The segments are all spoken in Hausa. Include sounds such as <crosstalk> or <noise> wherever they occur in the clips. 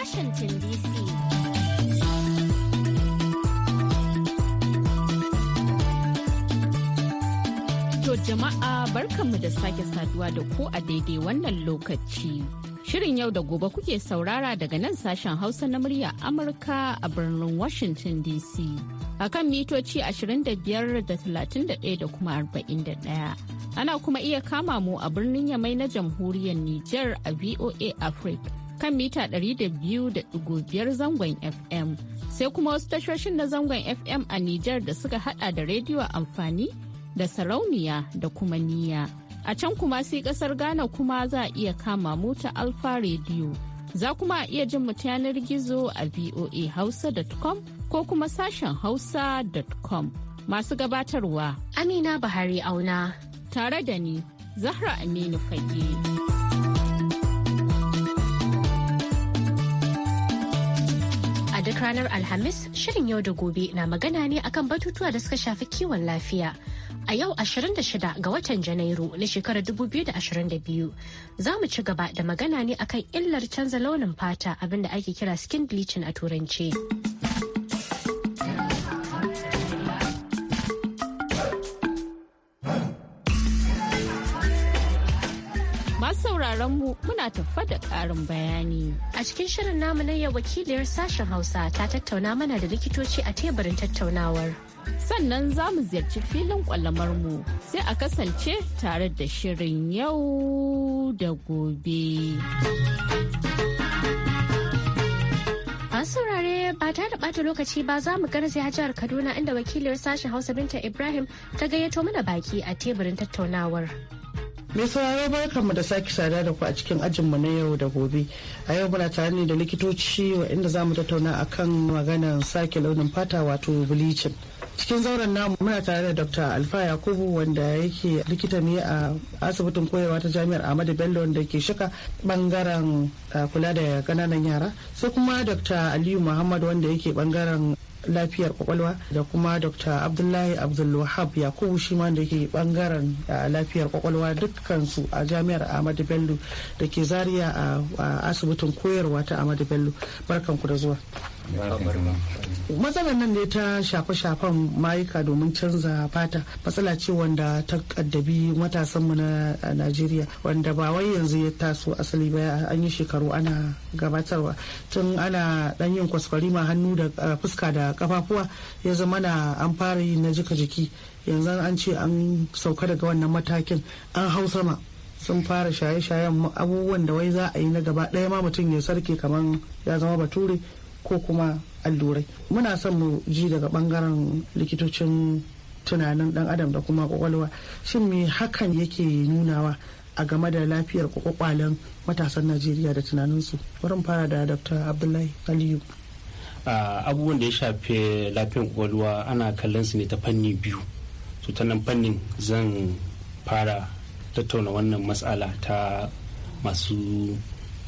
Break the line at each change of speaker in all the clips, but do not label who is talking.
Washington DC. To jama'a barkanmu da sake saduwa da ku a daidai wannan lokaci. Shirin yau da gobe kuke saurara daga nan sashen Hausa na murya Amurka a birnin Washington DC. a kan mitoci 25 da 31 da kuma 41. Ana kuma iya kama mu a birnin Yamai na jamhuriyar Nijar a VOA Africa kan mita 200.5 zangon FM. Sai kuma wasu tashoshin na zangon FM a Nijar da suka hada da rediyo amfani da sarauniya da kuma niya. A can kuma sai kasar Ghana kuma za a iya kama mu Alfa Radio. Za kuma a iya jin mu yanar gizo a voa voahausa.com ko kuma sashen hausa.com. Masu gabatarwa Amina Bahari Auna. Tare da ni, Zahra Aminu Fage. ranar Alhamis shirin yau da gobe na magana ne akan batutuwa da suka shafi kiwon lafiya. A yau 26 ga watan Janairu na shekarar 2022 za mu ci gaba da magana ne akan illar canza launin fata abinda ake kira skin bleaching a turanci. sauraron mu muna tafa da ƙarin bayani. A cikin shirin namu na yau wakiliyar sashen Hausa ta tattauna mana da likitoci a teburin tattaunawar. Sannan za mu ziyarci filin ƙwallamar mu sai a kasance tare da shirin yau da gobe. saurare ba ta da bata lokaci ba za mu garzaya jihar kaduna inda wakiliyar sashen hausa binta ibrahim ta gayyato mana baki a teburin tattaunawar
Mai sauraro mu da sake sada da ku a cikin ajinmu na yau da gobe. A yau muna tare ne da likitoci inda za mu tattauna akan maganan sake launin fata wato bleaching. cikin zauren namu muna tare da dr alfa yakubu wanda yake likita ne a asibitin koyarwa ta jami'ar ahmadu bello da ke shika bangaren eh, kula da kananan yara sai kuma dr aliyu muhammad wanda yake bangaren lafiyar kwakwalwa da kuma dr abdullahi abdulwahab yakubu shi ma da ke bangaren eh, lafiyar kwakwalwa dukkansu a jami'ar ahmadu bello da ke Zariya a asibitin koyarwa ta ahmadu bello barkanku da zuwa matsalar nan ne ta shafe-shafen mayuka domin canza fata matsala ce wanda ta kaddabi matasanmu na najeriya wanda ba wai yanzu ya taso asali ba an yi shekaru ana gabatarwa tun ana dan yin kwaskwari ma hannu da fuska da kafafuwa ya zama na an fara yi na jika jiki yanzu an ce an sauka daga wannan matakin an hau sama sun fara shaye-shayen abubuwan da wai za a yi na gaba ɗaya ma mutum ya sarke kamar ya zama bature ko kuma allurai muna son mu ji daga bangaren likitocin tunanin dan adam da kuma kwakwalwa shin me hakan yake nunawa a game da lafiyar kwakwalen matasan najeriya da tunaninsu wurin fara da dr abdullahi
aliyu abubuwan da ya shafe lafiyar kwakwalwa ana kallon su ne ta fanni biyu su ta nan fannin zan fara tattauna wannan matsala ta masu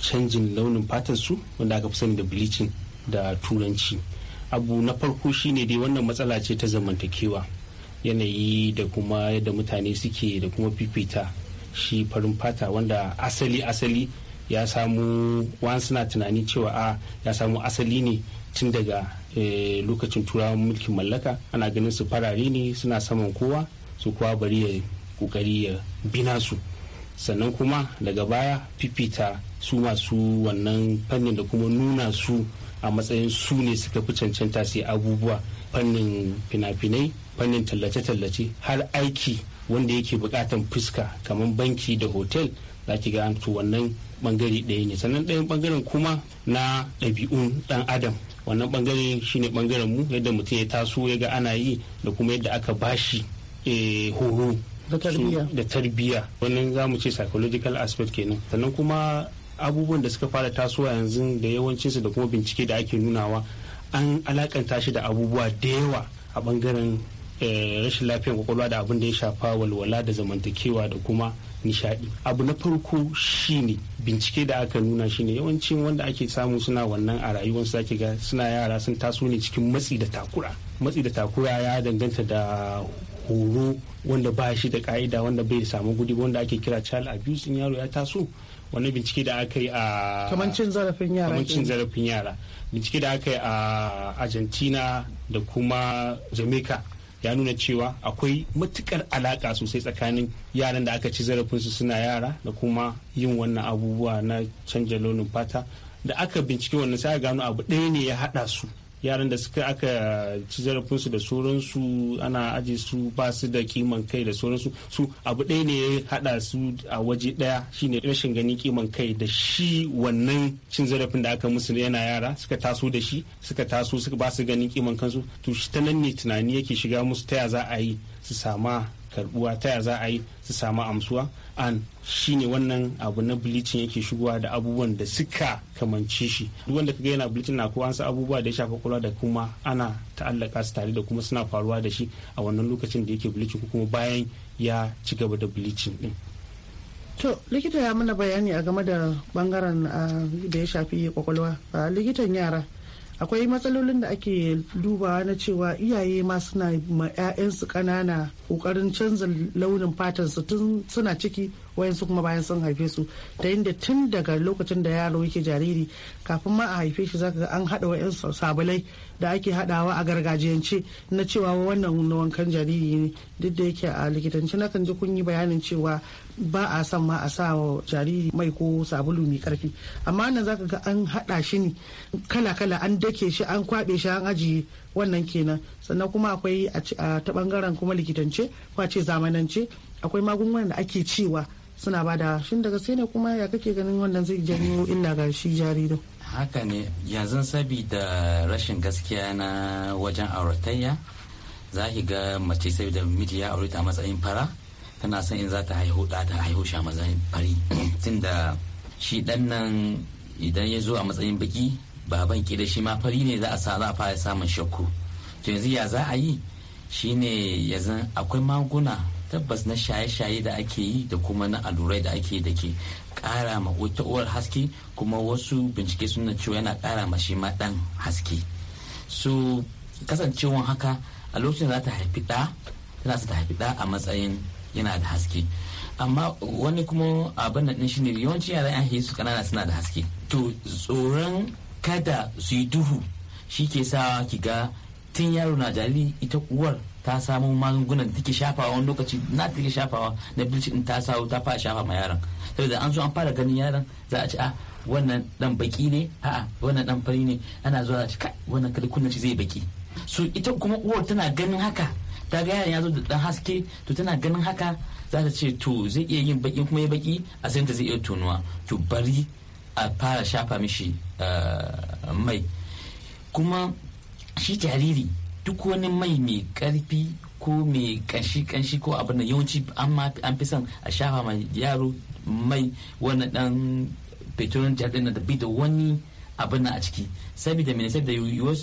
canjin launin fatar su wanda aka fi sani da bleaching da turanci abu na farko shine dai wannan matsala ce ta zamantakewa yanayi da kuma yadda mutane suke da kuma fifita shi farin fata wanda asali asali ya samu wani suna tunani cewa a ya samu asali ne tun daga eh, lokacin turawan mulkin mallaka ana ganin su farare ne suna saman kowa su kuwa bari ya kokari ya bina su sannan kuma daga baya fifita su masu wannan fannin da kuma nuna su a matsayin su ne suka fi cancanta su abubuwa fannin fina-finai fannin tallace-tallace har aiki wanda yake bukatan fuska kamar banki da hotel za ki ga to wannan bangare ɗaya ne sannan ɗayan bangaren kuma na ɗabi'un ɗan adam wannan bangare shine bangaren mu yadda mutum ya taso ya ga ana yi da kuma yadda aka bashi eh, horo da tarbiyya wannan za mu ce psychological aspect kenan sannan kuma abubuwan da suka fara tasowa yanzu da yawancinsu da kuma bincike da ake nunawa an alakanta shi da abubuwa da yawa a bangaren eh, rashin lafiyar kwakwalwa da abin da ya shafa walwala da zamantakewa da kuma nishadi abu na farko shine bincike da aka nuna shine yawancin wanda ake samu suna wannan a rayuwarsu zaki ga suna yara sun taso ne cikin matsi da takura matsi da takura ya danganta da horo wanda ba shi da ka'ida wanda bai samu gudi wanda ake kira child abuse in yaro ya taso wani bincike da aka yi a kamancin
zarafin yara kamancin zarafin
yara bincike da aka yi a argentina da kuma jamaica ya nuna cewa akwai matukar alaka sosai tsakanin yaran da aka ci zarafin su suna yara da kuma yin wannan abubuwa na canja launin fata da aka bincike wannan sai gano abu ɗaya ne ya haɗa su yaran da suka aka ci zarafinsu da sauransu ana ajiye su ba su da kiman kai da sauransu su abu ɗaya ne ya haɗa su a waje ɗaya shine rashin ganin kiman kai da shi wannan cin zarafin da aka musu yana yara suka taso da shi suka taso suka ba su ganin kiman kansu to shi ta nan ne tunani yake shiga musu ta ya za a yi su sama karbuwa ta ya za a yi su samu amsuwa an shine wannan abu na bilicin yake shigowa da abubuwan da suka kamance shi duk wanda kaga yana bleaching na kowa su abubuwa da ya shafa kwakwalwa da kuma ana ta'allaka su tare da kuma suna faruwa da shi a wannan lokacin da yake bleaching ko kuma bayan ya ci gaba da bilicin. din to
likita ya mana bayani a game da bangaren ah, da ya shafi kwakwalwa ah, likitan yara akwai matsalolin da ake dubawa na cewa iyaye ma suna ma 'ya'yansu kanana kokarin canza launin fatan su tun suna ciki wayansu kuma bayan sun haife su ta yadda tun daga lokacin da yaro yake jariri kafin ma a haife shi zaka ga an haɗa wayansu sabulai da ake haɗawa a gargajiyance na cewa wannan wankan jariri ne duk da yake a likitanci na kan ji kun yi bayanin cewa ba a son ma a sa wa jariri mai ko sabulu mai karfi amma nan zaka ga an haɗa shi ne kala-kala an dake shi an kwaɓe shi an ajiye wannan kenan sannan kuma akwai a ta bangaren kuma likitance ko a ce zamanance akwai magungunan da ake cewa suna ba da shin daga sai ne kuma ya kake ganin wannan zai janyo illa ga shi jaririn
haka ne yanzu sabida rashin gaskiya na wajen auratayya za ga mace saboda miji ya aure ta matsayin fara tana son in za ta haihu da ta haihu shi a fari fari da shi dan nan idan ya zo a matsayin baki baban ki da shi ma fari ne za a sa za a fara samun shakku to yanzu ya za a yi shine ya zan akwai maguna tabbas na shaye-shaye da ake yi da kuma na alurai da ake da ke kara ma wata uwar haske kuma wasu bincike suna cewa yana kara ma shi ma dan haske so kasancewan haka a lokacin za ta haifi ɗa a matsayin yana da haske amma wani kuma abin da shi ne yawanci yara yan su kanana suna da haske to tsoron kada su yi duhu shi ke sa ki ga tun yaro na jariri ita uwar ta samu magungunan da take shafawa wani lokaci na take shafawa na bilci din ta sawo ta fara shafa ma yaron saboda an zo an fara ganin yaran za a ci a ah, wannan dan baki ne a'a wannan dan fari ne ana zuwa a ci kai wannan kada kunna ci zai baki so ita kuma uwar tana ganin haka ta ga yaran ya zo da dan haske to tana ganin haka za ta ce to zai iya yin baki kuma ya baki a sai ta zai iya tonuwa to bari a fara shafa mishi eh, mai kuma shi jariri duk wani mai mai karfi ko mai kanshi kanshi ko abin da yawanci an fi son a shafa Mai yaro mai wani dan petrolin jardin da bi da wani abin a ciki saboda mai da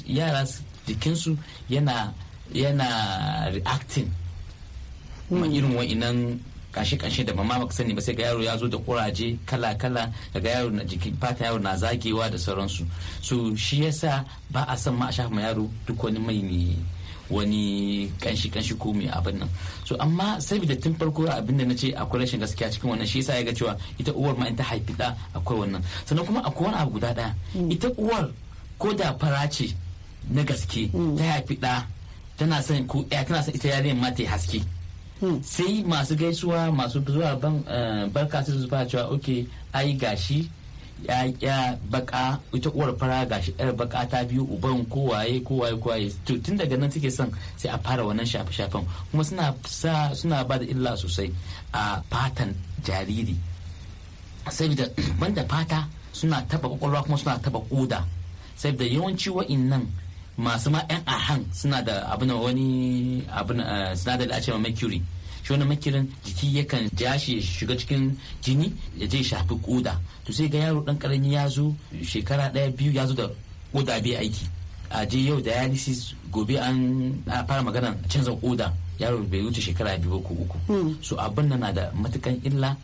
yara jikinsu yana yana reacting kuma hmm. irin wa'inan kashe-kashe da mama baka sani ba sai ga yaro ya zo da kuraje kala-kala daga yaro na jikin fata yaro na zagewa da sauransu so shi yasa ba a san ma a shafa ma yaro duk wani mai ne wani kanshi-kanshi ko mai abin nan so amma da tun farko abin da na ce akwai rashin gaskiya cikin wannan shi yasa ya ga cewa ita uwar ma in ta haifi da akwai wannan sannan kuma akwai wani abu guda daya hmm. ita uwar ko da fara ce na gaske hmm. ta haifi da tana son ko ya eh, tana son ita yarinyar ma ta haske hmm. sai masu gaisuwa masu zuwa ban eh, barka su zuba cewa okay ai gashi ya baka ita uwar fara gashi yar baka ta biyu uban kowaye kowaye kowaye tun daga nan suke son sai a fara wannan shafe shafen kuma suna sa suna ba da illa sosai a fatan jariri saboda <clears throat> banda fata suna taba kwakwalwa kuma suna taba koda saboda yawanci wa'in nan masu ma yan ahan suna da abin wani abin eh, sinadari a ma mercury shi wani makirin jiki yakan ja shi shiga cikin jini ya je shafi koda to sai ga yaro dan karami ya zo shekara daya biyu ya zo da koda bai aiki a je yau dialysis gobe an fara magana canza koda yaro bai wuce shekara biyu ko uku hmm. so abin nan na da matukan illa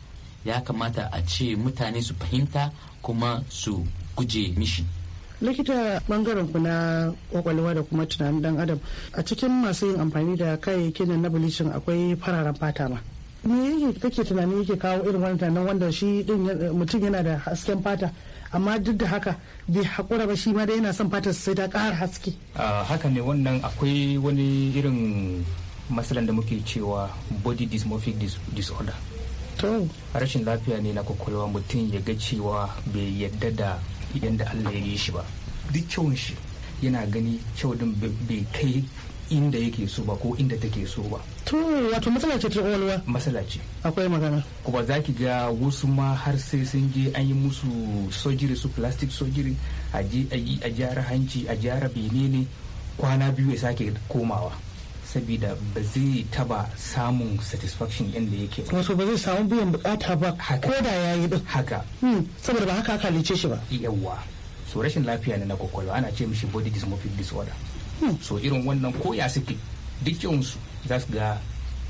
ya kamata a ce mutane su fahimta kuma su guje mishi
likita bangaren ku na kwakwalwa da kuma tunanin dan adam a cikin masu yin amfani da kayayyakin na bleaching akwai fararen fata ma me yake kake tunanin yake kawo irin wannan tunanin wanda shi din mutum yana da hasken fata amma duk da haka bai hakura ba shi ma da yana son fata sai ta ƙara haske
haka ne wannan akwai wani irin matsalan da muke cewa body dysmorphic disorder rashin lafiya ne na kwakwalwa mutum ya ga cewa bai yadda da yadda Allah ya yi shi ba duk kyawun shi yana gani kyau din bai kai inda yake so ba ko inda take so ba. To wato matsala ce ta kwakwalwa. Matsala ce. Akwai magana. Kuma za ki ga wasu ma har sai sun je an yi musu sojiri su plastic sojiri a je a yi a gyara hanci a gyara benene kwana biyu ya sake komawa. saboda ba zai taba samun satisfaction yadda yake ba wato ba zai samu biyan bukata ba ko da ya yi din haka hmm, saboda ba haka aka lice shi ba yawwa so rashin lafiya ne na kwakwalwa ana ce mishi body dysmorphic disorder hmm. so irin wannan koya suke dukkan su za su ga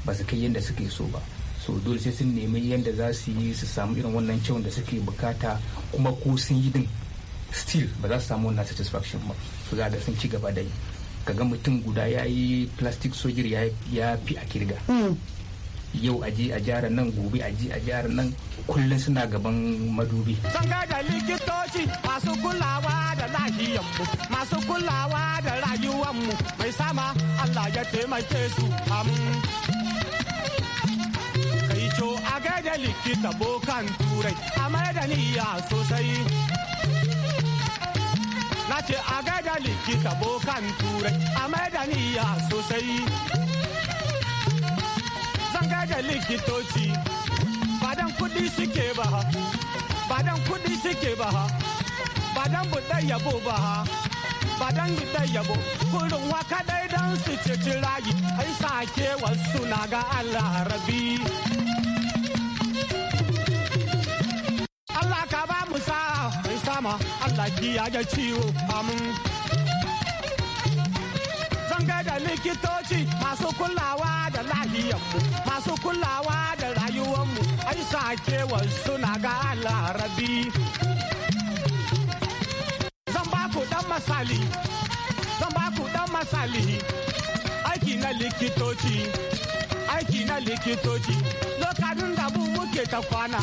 ba su kai yadda suke so ba so dole sai sun nemi yadda za su yi su samu irin wannan kyau da suke bukata kuma ko sun yi din still ba za su samu wannan satisfaction ba su za da sun ci gaba da yi kaga mutum guda ya yi plastic surgery ya fi a kirga hmm. yau aje a jihar nan gobe aje a jihar nan kullum suna gaban madubi.
Sun da likitoci masu kulawa da lahiyanmu masu kulawa da rayuwanmu mai sama Allah ya taimake su am. Kai a gaida likita bokan turai a da niyya sosai. na ce a gaida likita bokan turai a maida niyya sosai zan gaida likitoci badan kudi suke ba ha badan kudi suke ba ha badan budai yabo ba ha badan budai yabo kurin waka dai dan su ceci rayi ai sake wasu na ga Allah rabi Allah ka ba sama Allah ya ga ciwo amin. Zanga da likitoci masu kulawa da lahiyanmu, masu kulawa da rayuwanmu, ai sakewar suna ga larabi. Zan ba ku dan masali, zan ba ku dan masali, aiki na likitoci. aiki na likitoci lokacin da mu muke ta kwana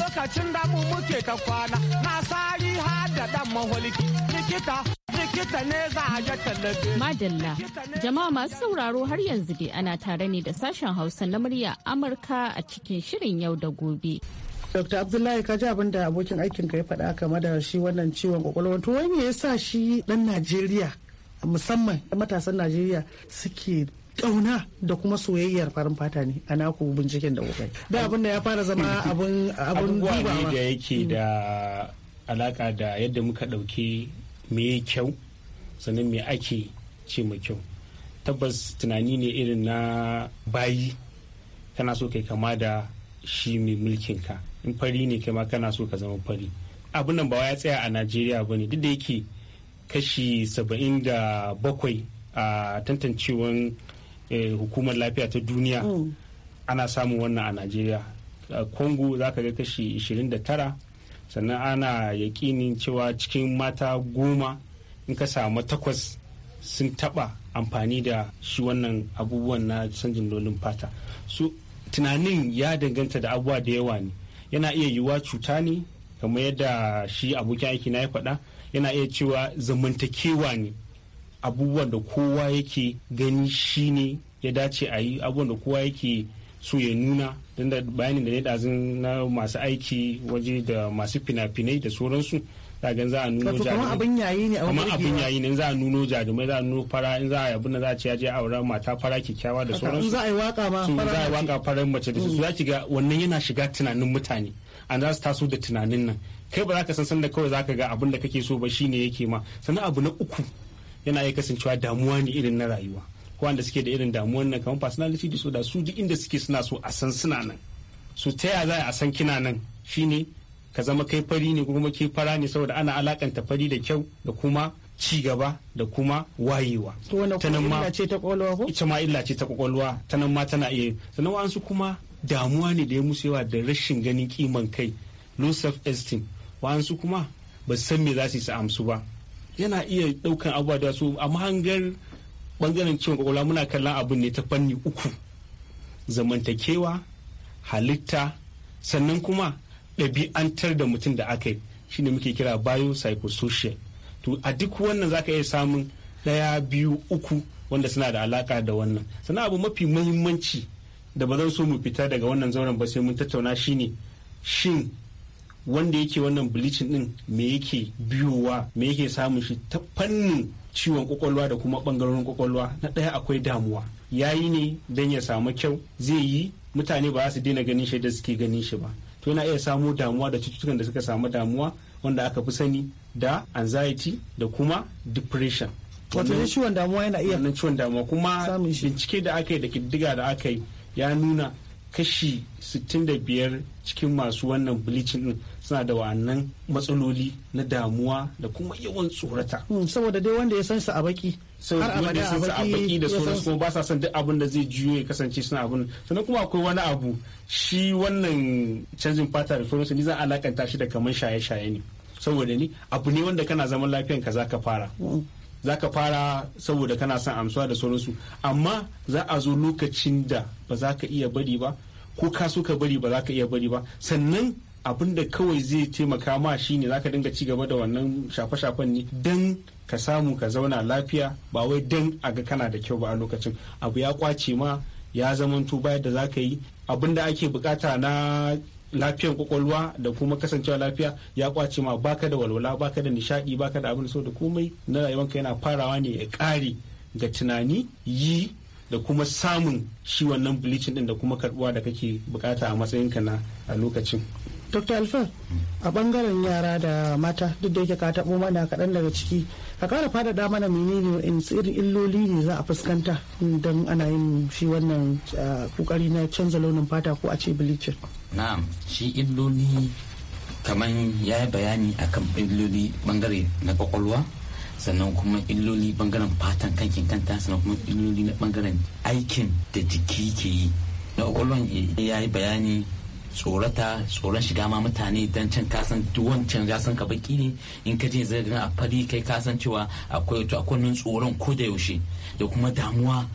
lokacin da mu muke ta kwana na sari har da dan maholiki likita likita ne za a ga tallafi. Madalla,
jama'a masu sauraro har yanzu dai ana tare ne da sashen Hausa na murya Amurka a cikin shirin yau da gobe. Dr. Abdullahi
ka ji abin da abokin aikin ka ya faɗa kama da shi wannan ciwon kwakwalwa to wai me yasa shi dan Najeriya musamman matasan Najeriya suke kauna da kuma soyayyar farin fata ne a naku binciken da kuka da
abin da ya fara zama mm. abin abin dubawa da yake mm. da alaka da yadda muka dauke me kyau sannan me ake ce mai kyau tabbas tunani ne irin na bayi kana so kai kama da shi mai mulkin ka in fari ne kai ma kana so ka zama fari abin nan ba ya tsaya a najeriya ba ne duk da yake kashi saba'in da bakwai a tantancewan Eh, hukumar lafiya ta duniya mm. ana samun wannan a najeriya congo za ka ga kashi 29 sannan ana yakinin cewa cikin mata goma in ka samu takwas sun taba amfani da shi wannan abubuwan na canjin lolin fata su tunanin ya danganta da abubuwa da yawa ne yana iya yiwuwa cuta ne kamar yadda shi abokin aiki na ya faɗa yana iya cewa zamantakewa ne abubuwan da kowa yake gani shi ne ya dace a yi abubuwan da kowa yake so ya nuna don da bayanin da ne ɗazin na masu aiki waje da masu fina-finai da sauransu gan za a nuno jarumai kamar abin
yayi ne
yayi ne za a nuno jarumai za a nuno fara in za a yabi na za a ce je auren mata fara kyakkyawa da sauransu za a yi waka ma fara za a yi waka fara mace da su mm. za ki ga wannan yana shiga tunanin mutane an za su taso da tunanin nan kai ba za ka san sanda kawai za ka ga abin da kake so ba shine yake ma sannan abu na uku yana iya kasancewa damuwa ne irin na rayuwa wanda suke da irin damuwan nan kamar personality disorder su duk inda suke suna so a san suna nan su ta ya za a san kina nan shine ka zama kai fari ne kuma ke fara ne saboda ana alakanta fari da kyau da kuma ci gaba da kuma wayewa. To wannan kuma ce ta kwakwalwa ko? Ita ma illa ce ta kwakwalwa ta nan ma tana iya sannan wa'ansu kuma damuwa ne da ya musu yawa da rashin ganin kiman kai low self esteem wa'ansu kuma ba san me za su yi su amsu ba yana iya daukan abubuwa da su a mahangar bangaren ciwon kwakwalwa muna kallon abin ne ta fanni uku zamantakewa halitta sannan kuma ɗabi'antar da mutum da aka yi shine muke kira biopsychosocial to a duk wannan zaka iya samun ɗaya biyu uku wanda suna da alaka da wannan sannan abu mafi mahimmanci da ba zan so mu fita daga wannan zauren ba sai mun tattauna shine shin wanda yake wannan bleaching din me yake biyowa me yake samun shi ta fannin ciwon kwakwalwa da kuma bangarorin kwakwalwa na ɗaya akwai damuwa yayi ne don ya samu kyau zai yi mutane ba za su daina ganin shi da suke ganin shi ba to yana iya samo damuwa da cututtukan da suka samu damuwa wanda aka fi sani da anxiety da kuma depression wato ciwon damuwa yana iya wannan ciwon damuwa kuma bincike da aka yi da kiddiga da aka yi ya nuna kashi 65 cikin masu wannan bleaching din suna da wa'annan matsaloli na damuwa da kuma yawan tsorata. Hmm, saboda dai wanda ya san su a baki har abada a baki da sauransu kuma ba sa son duk abin da zai juyo ya kasance suna abin sannan kuma akwai wani abu shi wannan canjin fata da sauransu ni zan alakanta shi da kamar shaye-shaye ne saboda ni abu ne wanda kana zaman lafiyan ka za ka fara hmm. za ka fara saboda kana son amsuwa da sauransu amma za a zo lokacin da ba za ka iya bari ba ko ka so ka bari ba za ka iya bari ba sannan abin da kawai zai taimaka ma shi ne za ka dinga ci gaba da wannan shafe-shafen ne don ka samu ka zauna lafiya ba wai don a ga kana da kyau ba a lokacin abu ya kwace ma ya zamanto bayan da za ka yi abin da ake bukata na lafiyan kwakwalwa da kuma kasancewa lafiya ya kwace ma baka da walwala baka da nishadi baka da abin so da komai na rayuwanka yana farawa ne ya kare ga tunani yi da kuma samun shi wannan bleaching din da kuma karbuwa da kake bukata a matsayinka na a lokacin dr alfa
a bangaren yara da mata duk da yake ka taɓo mana kaɗan daga ciki ka fada da mana menene in tsirin illoli ne za a fuskanta don ana yin shi wannan kokari ah, na canza launin fata ko a ce bleaching
na'am shi illoli kamar ya yi bayani akan illoli bangare na kwakwalwa sannan kuma illoli bangaren fatan kankin kanta sannan kuma illoli na bangaren aikin da jiki ke yi na kwakwalwan eh, ya yi bayani tsorata tsoron shiga ma mutane don can kasan wancan ya san ka baki ne in ka je zai gina a fari kai kasan cewa akwai wato akwai tsoron ko da yaushe da kuma damuwa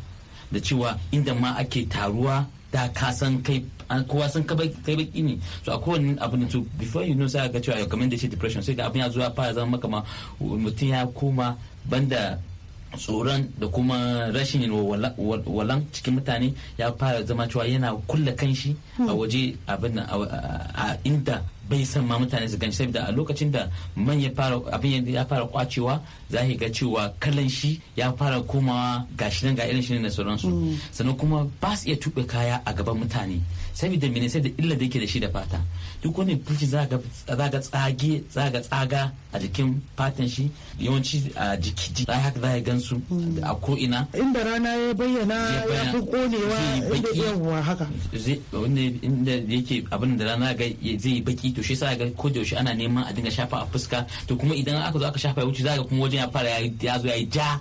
da cewa inda ma ake taruwa da ka san kai kowa san ka kai baki ne so a kowane abu ne to before you know sai ga cewa kamar da shi depression sai ga abin ya zo ya fara zama maka ma mutum ya koma banda tsoron da kuma rashin yin walan cikin mutane ya fara zama cewa yana kulle kanshi a hmm. waje abin a inda bai san ma mutane su ganshi saboda a lokacin da man ya fara abin ya fara kwacewa za ga cewa kalan shi ya fara komawa shi nan ga irin shi ne na sauransu mm. sannan kuma ba su iya tuɓe kaya a gaban mutane saboda mene sai da illa da yake da shi da fata duk wani fulci za ga tsage za ga tsaga a jikin fatan shi yawanci a jiki za haka za gan su mm. a ko ina
inda rana ya bayyana ya fi konewa inda
yawa haka inda yake abin da rana zai baki zafi to shi yasa ga ko shi ana neman a dinga shafa a fuska to kuma idan aka zo aka shafa ya wuce za ga kuma wajen ya fara ya zo ya yi ja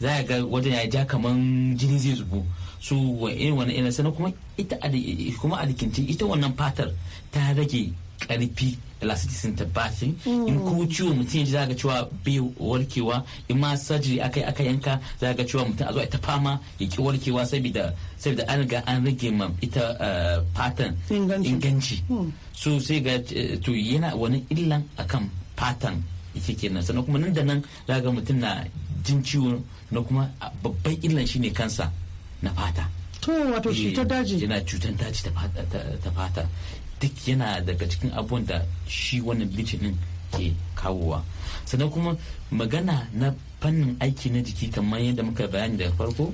za ga wajen ya ja kaman jini zai zubo su irin wani irin sannan kuma ita kuma alikinci ita wannan fatar ta rage karfi elasticity ta bashi mm. in ko ciwo mutum ya ji za cewa bai warkewa in ma surgery akai aka yanka za uh, mm. ga cewa mutum a zo ta fama ya ki warkewa saboda saboda an riga an rage ma ita fatan inganci so sai ga to yana wani illan akan fatan yake kenan sannan kuma nan da nan za ga mutum na jin ciwo na kuma uh, babban illan shine kansa na fata to wato cutar daji yana cutar daji ta fata duk yana daga cikin abun da shi wannan bincin din ke kawowa sannan kuma magana na fannin aiki na jiki kamar yadda muka bayani daga farko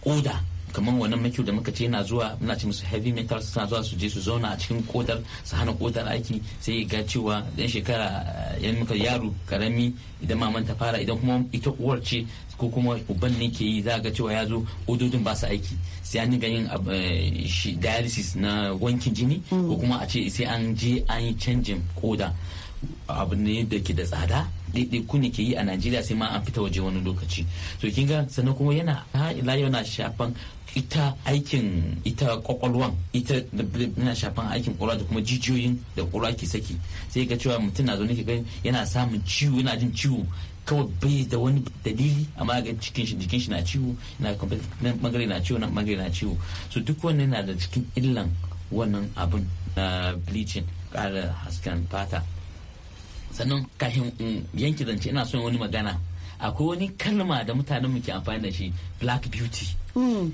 koda kamar wannan makiyo da muka ce yana zuwa muna ce musu heavy metal suna zuwa su je su zauna a cikin kodar su hana kodar aiki sai ya ga cewa dan shekara eh, yan muka yaro karami idan maman ta fara idan kuma ita uwar ce ko kuma uban ne ke yi za ga cewa ya zo ododin ba su aiki sai an ga yin eh, dialysis na wankin jini ko kuma a ce sai an je an yi canjin koda abu ne da ke da tsada daidai ku ne ke yi a najeriya sai ma an fita waje wani lokaci so kin ga sannan kuma yana ila yana shafan ita aikin ita kwakwalwan ita na shafan aikin kura da kuma jijiyoyin da kura ke saki sai ga cewa mutum na zo ne ke yana samun ciwo yana jin ciwo kawai bai da wani dalili a magani cikin shi jikin shi na ciwo na magani na ciwo na magani na ciwo so duk wannan na da cikin illan wannan abun na bleaching ƙara hasken fata sannan kahin yanke zance ina son wani magana akwai wani kalma da mutanen mu ke amfani da shi black beauty hmm.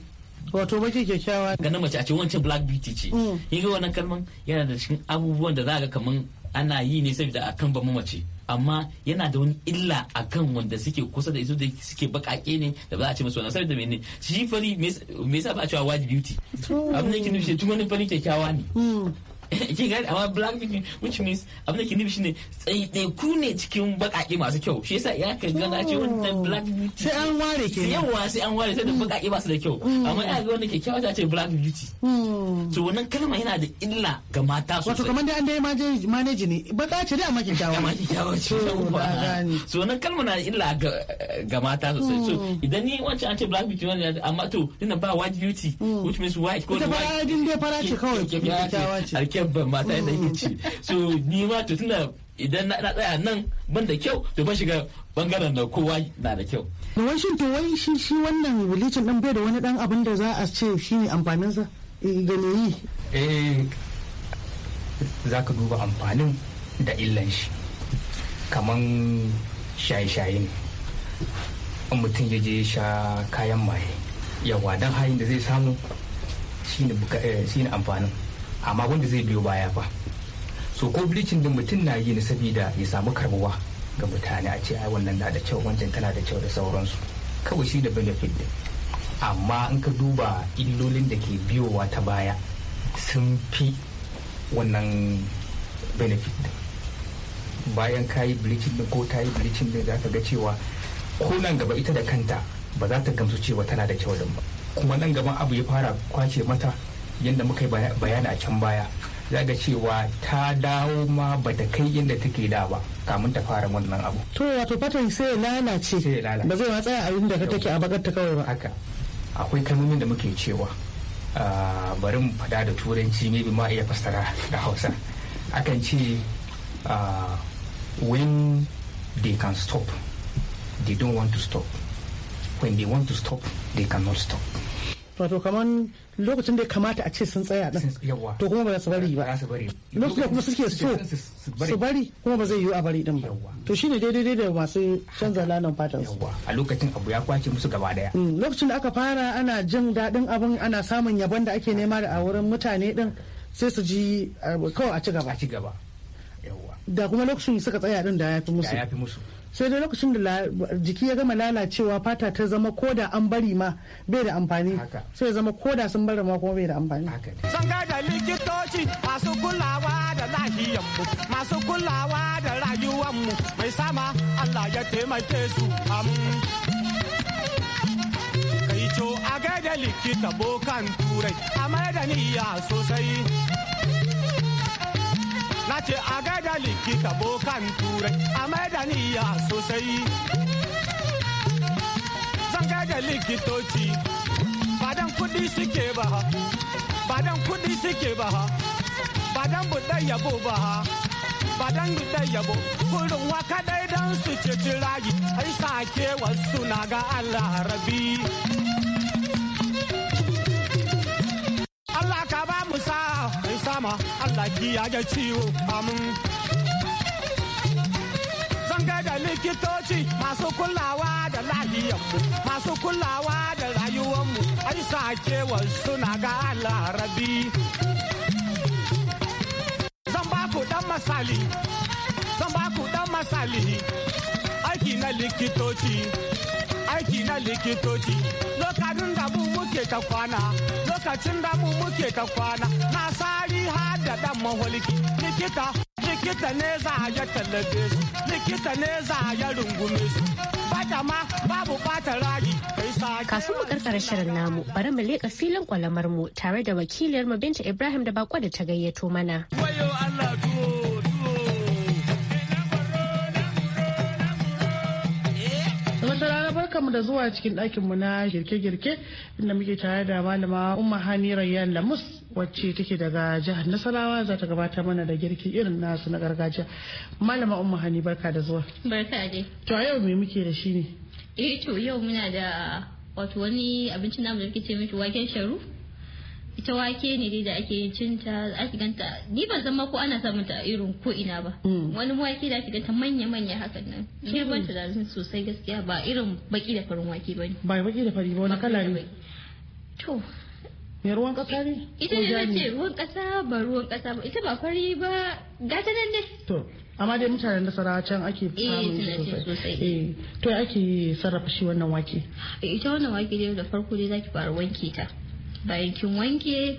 wato baki kyakkyawa ganin mace a ce wancan black beauty ce yin hmm. wannan kalman yana da cikin abubuwan da za ga kaman ana yi ne saboda a kan ba mace amma yana da wani illa a kan wanda suke kusa da isu da suke bakake ne da ba a ce musu wannan saboda menene shi fari me yasa ba a cewa beauty abin da yake nufi tun wani fari kyakkyawa ne hmm. <laughs> kin gani amma black people which means abin da ke nufi shine ku ne cikin bakake masu kyau shi yasa ya ka gana ce wannan black beauty sai an ware ke yawa sai an ware sai da bakake ba da kyau hmm. amma ya ga wanda kyakkyawa ta ce black beauty to hmm. wannan kalma yana da illa ga mata sosai wato kamar
dai an dai manage ne baka ce dai amma kyakkyawa amma kyakkyawa ce
so wannan kalma na da illa ga mata sosai so hmm. idan ni wancan an ce black beauty wanda amma to ina ba white beauty which means white ko white ita ba dai fara ce kawai kyakkyawa ce yabban mata yana yin ci so ni ma to tuna idan na tsaya nan ban da kyau to ban shiga bangaren da kowa na da kyau.
da wani to wai shi shi wannan religion din bai da wani dan abin da za a ce shi ne amfaninsa
eh, ga me yi? Eh za ka duba amfanin da illan shi kaman shaye-shaye ne. In mutum ya je sha kayan maye yawa dan hayin da zai samu shi ne eh, amfanin. amma wanda zai biyo baya ba so ko bleaching din mutum na yi ne saboda ya samu karbuwa ga mutane a ce ai wannan na da kyau wancan tana da kyau da sauransu kawai shi da benefit din amma in ka duba illolin da ke biyowa ta baya sun fi wannan benefit din bayan ka yi bleaching din ko ta yi bleaching din za ka ga cewa ko nan gaba ita da kanta ba za ta gamsu cewa tana da kyau din ba kuma nan gaban abu ya fara kwace mata yadda muka yi bayani a can baya za ga cewa ta dawo ma ba ta kai inda take da ba kamun ta fara wannan abu.
To wato fatan sai ya lalace
ba zai matsaya a inda ta take a bakar ta kawai ba. Haka akwai kalmomin da muke cewa ah, bari mu fada da turanci ne ma iya fassara da hausa akan ce ah, when they can stop they don't want to stop when they want to stop they cannot stop.
wato kamar lokacin da ya kamata a ce sun tsaya din to kuma ba za su bari ba lokacin kuma suke so su bari kuma ba zai yiwu a bari din ba to shine daidai da masu canza lanan fatan su
a lokacin abu ya kwace musu gaba daya mm,
lokacin da aka fara ana jin daɗin abin ana samun yabon da ake nema da a wurin mutane din sai su ji eh, kawai a ci gaba a ci gaba da kuma lokacin suka tsaya din da ya fi musu sai dai lokacin da jiki ya gama lalacewa fata ta zama koda an bari ma bai da amfani sai zama koda sun bari ma kuma bai da amfani
san da likitoci masu kulawa da mu masu kulawa da mu mai sama Allah ya taimake su kai co a gaida likita bokan turai a mai da niyya sosai ce a gaida likita bokan turai a maida sosai zan gaida likitoci badan kudi suke ba badan kudi suke ba badan budan yabo ba badan budan yabo kurin waka dai don su ce rayu ai sake wasu na ga allah rabi sama Allah kiyaye ciwo amin. Zanga da likitoci masu kulawa da lahiyanmu, masu kulawa da rayuwanmu, ai sakewar suna ga larabi. Zan ba ku dan masali, zan ba ku dan masali, aiki na likitoci, aiki na likitoci, lokacin da mu muke ta kwana lokacin damu muke ta kwana na sari har da dan maholki likita likita ne za a ya tallabe su likita ne za a ya rungume su bata ma babu bata ragi
kafin mu karkara shirin namu bari mu leƙa filin kwalamar mu tare da wakiliyar mu binta ibrahim da bako da ta gayyato mana
wayo allah
da zuwa cikin ɗakin mu na girke-girke inda muke tare da malama Umma Hani Rayyan Lamus wacce take daga jihar Nasarawa za ta gabata mana da girki irin nasu na gargajiya. Malama Umma Hani barka da zuwa. Barka dai. To yau me muke da shi ne?
Eh to yau muna da wato wani abincin namu da muke ce mishi waken sharu. ita wake ne dai da ake yin cinta ake ganta ni ban zama ko ana samun ta irin ko ina ba mm. wani wake da ake ganta manya manya hakan nan ke ban ta da sosai gaskiya ba irin baki da farin wake bane ba baki da fari ba wani kala ne to ne ruwan kasa ne ita ne ce ruwan kasa ba ruwan kasa ba ita ba fari ba gata nan ne to
amma dai mutanen nasara can ake eh, samun sosai eh, to ake sarrafa shi wannan wake
eh, ita wannan wake dai da farko dai zaki fara wanke ta bayan kin wanke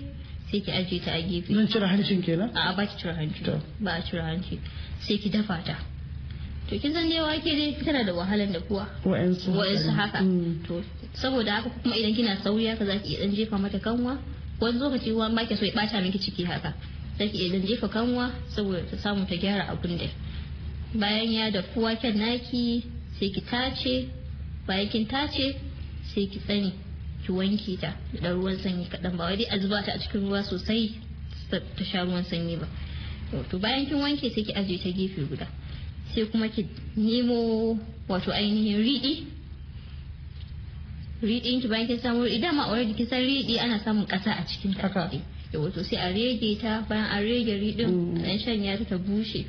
sai ki ajiye ta a gefe nan cire hancin kenan A'a ba ki cire hanci ba a cire hanci sai ki dafa ta to kin san dai wake dai tana da wahalan da kuwa
wa'ansu haka
mm. to saboda haka kuma idan kina sauri haka za ki iya dan jefa mata kanwa wani lokaci ruwan ba ki so ya bata miki ciki haka ki iya dan jefa kanwa saboda ta samu ta gyara abun da bayan ya dafu waken naki sai ki tace bayan kin tace sai ki tsani ki wanke ta da ruwan sanyi kadan ba wai a zuba ta a cikin ruwa sosai ta sha ruwan sanyi ba to bayan kin wanke sai ki ajiye ta gefe guda sai kuma ki nemo wato ainihin riɗi riɗin ki bayan kin samu riɗi dama a kin san riɗi ana samun ƙasa a cikin ta yawa to sai a rege ta bayan a rege riɗin mm. a shanya ta ta bushe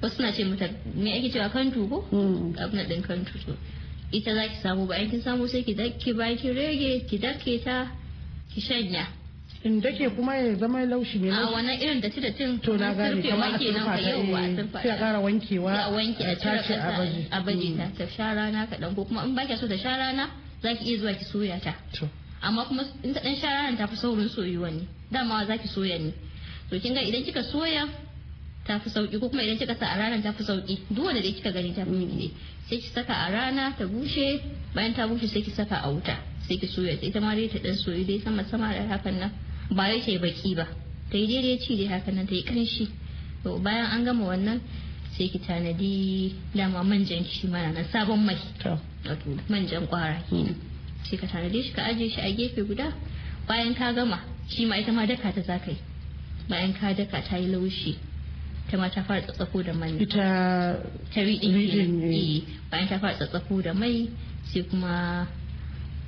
wasu na ce mata me ake cewa kantu ko mm. abin ɗin kantu to ita za ki samu bayan kin samu sai ki dakke bayan ki rege ki dakke ta ki shanya
in dake kuma ya zama laushi ne a wannan irin da da tin to na gane kamar a surfa ta yau eh, sai a kara wankewa
a wanke a tace a baje a baje ta mm. ta sha rana kaɗan ko kuma in ba ki so ta sha rana za ki iya zuwa ki soya ta amma kuma in ta dan sha rana ta fi saurin soyuwa ne dama za ki soya ne to kin ga idan kika soya ta fi sauki ko kuma idan kika sa a ranar ta fi sauki duk wanda dai kika gani ta fi ne sai ki saka a rana ta bushe bayan ta bushe sai ki saka a wuta sai ki soya ta ita ma dai ta dan soyi dai sama sama da hakan nan ba ya ce baki ba ta yi daidai ci dai hakan nan ta yi kanshi to bayan an gama wannan sai ki tanadi dama manjan shi mana na sabon mai manjan kwara kenan sai ka tanadi shi ka ajiye shi a gefe guda bayan ka gama shi ma ita ma daka ta zakai bayan ka daka ta yi laushi ta ma ta fara tsatsafo da mai ita ta ridin ne eh, bayan ta fara tsatsafo da mai sai kuma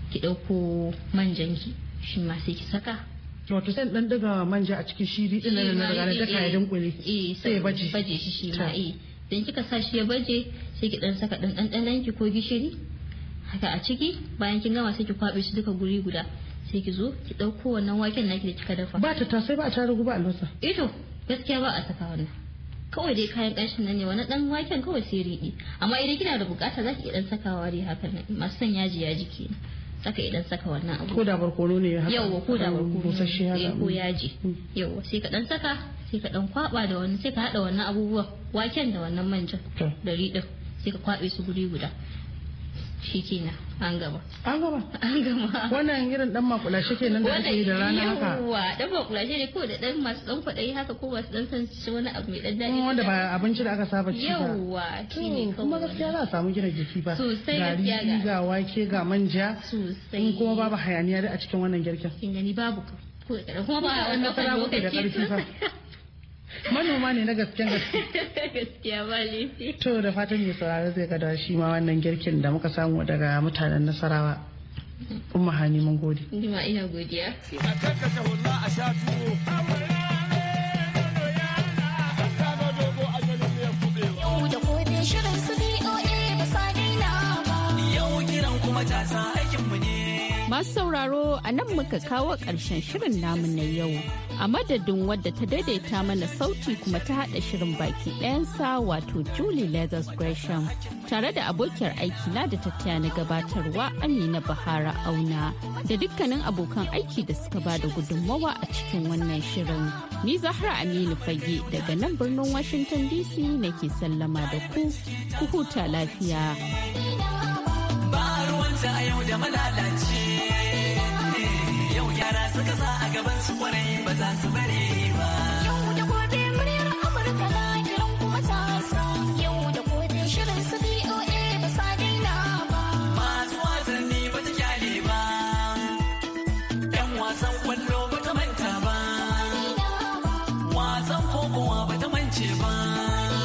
ki ɗauko manjan ki shi ma sai ki saka wato sai dan daga manja a cikin shiri din nan na daga kai eh, ya kuli eh, sai baje baje shi shi ma eh dan kika sa shi ya baje sai ki dan saka dan dan ki ko gishiri haka a ciki bayan kin gama sai ki kwabe shi duka guri guda sai ki zo ki dauko wannan waken naki da kika dafa ba ta tasai ba a tare ba albasa eh gaskiya ba a saka wannan kawai dai kayan ƙanshin nan ne wani dan waken kawai sai riɗi amma idan kina da bukata za ki iya dan sakawa dai hakan nan masu son yaji ya jiki saka idan saka wannan abu ko da barkono ne haka yawa ko da barkono busasshe haka eh, ko yaji mm. yawa sai ka dan saka sai ka dan kwaba da wani sai ka hada wannan abubuwan waken da wannan manjan da riɗin sai ka kwabe su guri guda shi an gaba an gaba an gaba
wannan irin dan makulashe
ke nan da ake da rana haka dan makulashe ne ko da dan masu dan kwadayi haka ko masu dan san shi wani abu mai dan dadi mm, wanda ba abinci
da aka saba ci ba yawa
shine kuma gaskiya
za a samu gina jiki ba sosai gaskiya ga ga wake ga manja sosai kuma babu hayaniya da a cikin wannan girkin kin gani babu
ko kuma ba wannan <laughs> manoma ne na gasken gaske gaskiya ba laifi
to da fatan mai saurari zai gada shi ma wannan girkin da muka samu daga mutanen nasarawa umma hani mun gode
ni ma ina godiya a kakkata hulla
a sha tuwo shirin su BOA ba sa daina ba. Yau kiran
kuma ta sa
Masu sauraro a nan muka kawo ƙarshen shirin namu na yau. A madadin wadda ta daidaita mana sauti kuma ta haɗa shirin baki ɗayansa wato Julie Leathers Gresham tare da abokiyar aiki na da tattaya na gabatarwa Amina Bahara Auna da dukkanin abokan aiki da suka ba da gudunmawa a cikin wannan shirin. Ni Zahra Aminu Fage daga nan birnin Washington DC nake sallama da ku, ku huta lafiya.
sa a yau da malalaci eh, yau yara suka sa a gaban su kwarai ba za su bari